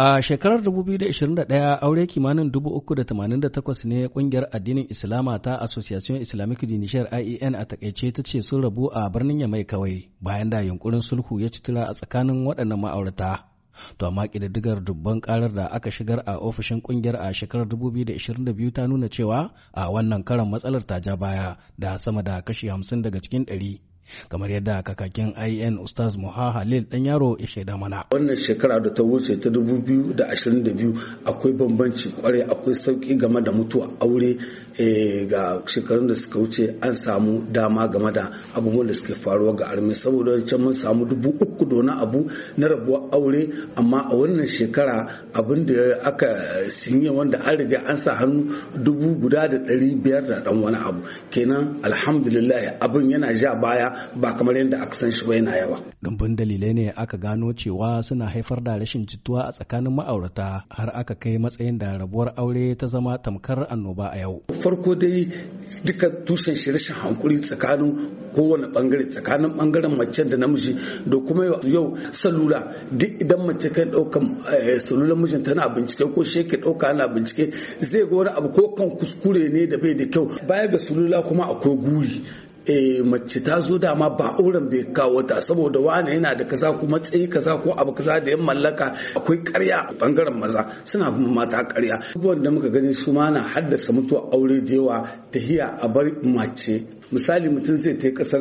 A shekarar 2021 aure kimanin 388 ne kungiyar addinin Islama ta Association Islamic di IEN a takaice ta ce sun rabu a birnin Yamai kawai bayan da yunkurin sulhu ya ci tura a tsakanin waɗannan ma'aurata. To amma ƙididdigar dubban ƙarar da aka shigar a ofishin kungiyar a shekarar 2022 ta nuna cewa a wannan karan matsalar ta ja baya da sama da kashi 50 daga cikin ɗari. kamar yadda kakakin in ustaz muha halil dan yaro ya shaida mana wannan shekara da ta wuce ta 2022 akwai bambanci kwarai akwai sauki game da mutuwa aure eh, ga shekarun da suka wuce an samu dama game da abubuwan da suke faruwa ga armi saboda can mun samu dubu uku da wani abu na rabuwa aure amma a wannan shekara abin da aka sinye wanda an riga an sa hannu dubu guda da ɗari biyar da ɗan wani abu kenan alhamdulillah abin yana ja baya ba kamar yadda aka san shi ba yana yawa. Gambun dalilai ne aka gano cewa suna haifar da rashin jituwa a tsakanin ma'aurata har aka kai matsayin da rabuwar aure ta zama tamkar annoba a yau. Farko dai duka tushen shi rashin hankuri tsakanin kowane bangare tsakanin bangaren mace da namiji da kuma yau salula duk idan mace kai daukan eh, salulan mijin tana bincike ko sheke ɗauka dauka ana bincike zai ga wani abu ko kan kuskure ne da bai da kyau baya ga salula kuma akwai guri e mace ta zo dama ba auren bai kawo ta saboda wani yana da kaza ko matsayi kaza ko abu kaza da yan mallaka akwai karya a bangaren maza suna kuma mata karya abubuwan da muka gani su ma na haddasa mutuwa aure da yawa ta hiya a bar mace misali mutum zai ta kasar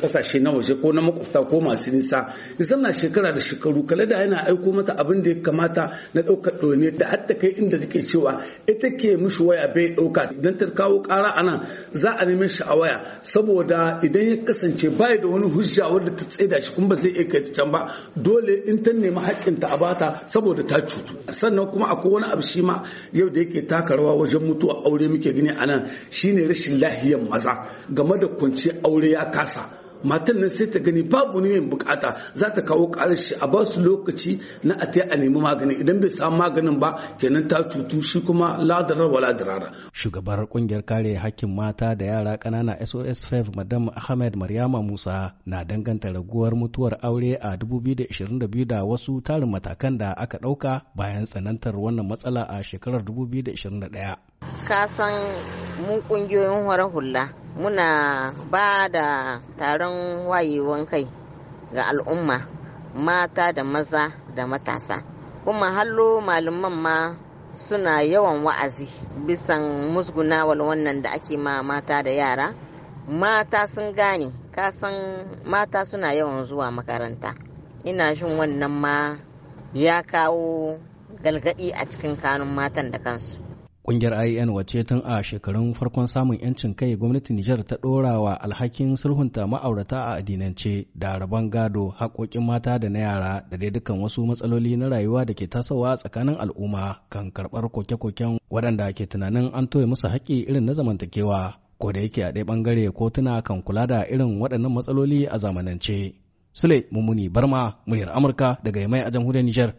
kasashe eh, na waje ko na makwabta ko masu nisa nisan na shekara da shekaru kala da yana aiko mata abin da ya kamata na ɗaukar ɗone da hatta kai inda take cewa ita ke mishi waya bai ɗauka don ta kawo ƙara a nan za a nemi shi a waya saboda idan ya kasance bai da wani hujja wadda ta da shi kuma ba zai iya kai can ba dole in ta nemi haƙƙinta a bata saboda ta cutu sannan kuma akwai wani abu shi ma yau da yake taka rawa wajen mutuwa aure muke gani anan shine rashin lahiyar maza game da kwanciyar aure ya kasa matan nan sai ta gani babu ne mai bukata za ta kawo karshe a ba su lokaci na a a nemi magani idan bai samu maganin ba kenan ta cutu shi kuma ladarar wa ladarara. Shugabar kungiyar kare hakkin mata da yara kanana SOS 5 Madam Ahmed Maryama Musa na danganta raguwar mutuwar aure a 2022 da wasu tarin matakan da aka ɗauka bayan tsanantar wannan matsala a shekarar 2021. Ka san mu kungiyoyin horar hula muna ba da taron wayewan kai ga al'umma mata da maza da matasa kuma hallo malaman ma suna yawan wa'azi bisan musgunawar wannan da ake ma mata da yara mata sun gane kasan mata suna yawan zuwa makaranta ina jin wannan ma ya kawo galgadi a cikin kanun matan da kansu Ƙungiyar IAN wace tun a shekarun farkon samun 'yancin kai gwamnatin Nijar ta ɗora wa alhakin sulhunta ma'aurata a addinance da rabon gado haƙoƙin mata da na yara da dai dukkan wasu matsaloli na rayuwa da ke tasowa tsakanin al'umma kan karɓar koke-koken waɗanda ke tunanin an toye musu haƙƙi irin na zamantakewa ko da yake a ɗaya ɓangare kotuna kan kula da irin waɗannan matsaloli a zamanance. Sule Mummuni Barma, muryar Amurka daga Yamai a jamhuriyar Nijar.